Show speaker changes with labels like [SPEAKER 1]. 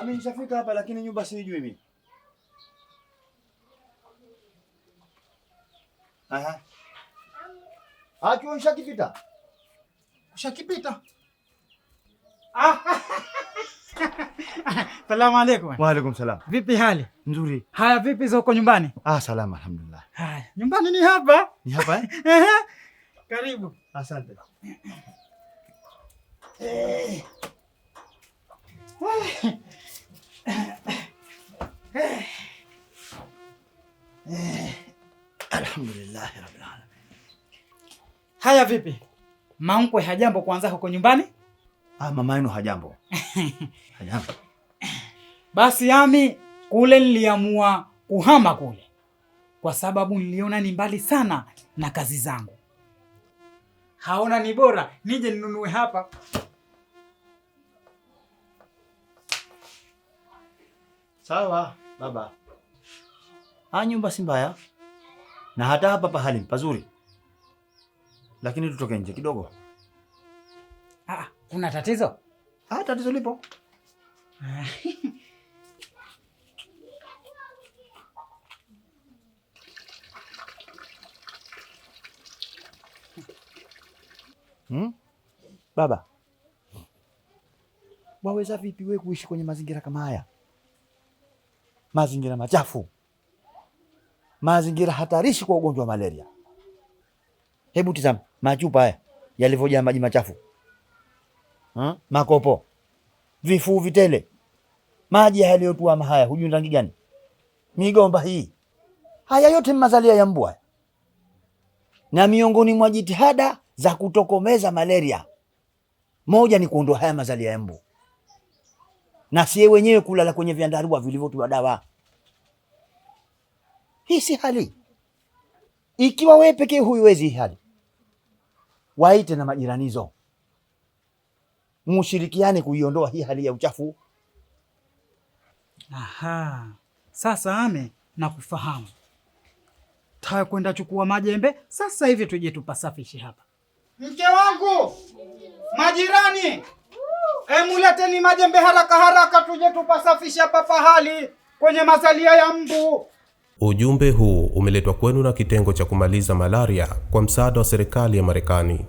[SPEAKER 1] Ami nishafika hapa lakini nyumba siijui mimi. Aha. Hacho nishakipita. Ushakipita.
[SPEAKER 2] Salamu alaykum. Wa alaykum salam. Vipi hali? Nzuri. Haya vipi za huko nyumbani?
[SPEAKER 1] Ah, salama alhamdulillah.
[SPEAKER 2] Haya, nyumbani ni hapa.
[SPEAKER 1] Ni hapa eh?
[SPEAKER 2] Karibu.
[SPEAKER 1] Asante. Eh. Eh, alhamdulillahi rabbil alamin.
[SPEAKER 2] Haya, vipi mankwe, hajambo kuanza huko nyumbani?
[SPEAKER 1] Ah, mama yenu hajambo? Hajambo.
[SPEAKER 2] Basi yami kule niliamua kuhama kule kwa sababu niliona ni mbali sana na kazi zangu. Haona ni bora nije ninunue hapa.
[SPEAKER 1] Sawa baba. Ah, nyumba si mbaya na hata hapa pahali pazuri, lakini tutoke nje kidogo.
[SPEAKER 2] Ah, ah, kuna tatizo?
[SPEAKER 1] Ah, tatizo lipo. Hmm? Baba, waweza vipi wewe kuishi kwenye mazingira kama haya, mazingira machafu? mazingira hatarishi kwa ugonjwa wa malaria. Hebu tizama machupa haya yalivyojaa maji machafu ha? Makopo, vifuu vitele, maji yaliyotuama haya, hujui rangi gani? Migomba hii, haya yote mazalia ya mbwa. Na miongoni mwa jitihada za kutokomeza malaria, moja ni kuondoa haya mazalia ya mbu, na sie wenyewe kulala kwenye vyandarua vilivyotiwa dawa. Hii si hali. Ikiwa wewe pekee huiwezi hali, waite na majiranizo, mushirikiane kuiondoa hii hali ya uchafu.
[SPEAKER 2] Aha, sasa ame nakufahamu. Taya kwenda chukua majembe sasa hivi, tuje tupasafishe hapa. Mke wangu, majirani, emuleteni majembe haraka haraka, tuje tupasafishe hapa pahali kwenye mazalia ya mbu. Ujumbe huu umeletwa kwenu na kitengo cha kumaliza malaria kwa msaada wa serikali ya Marekani.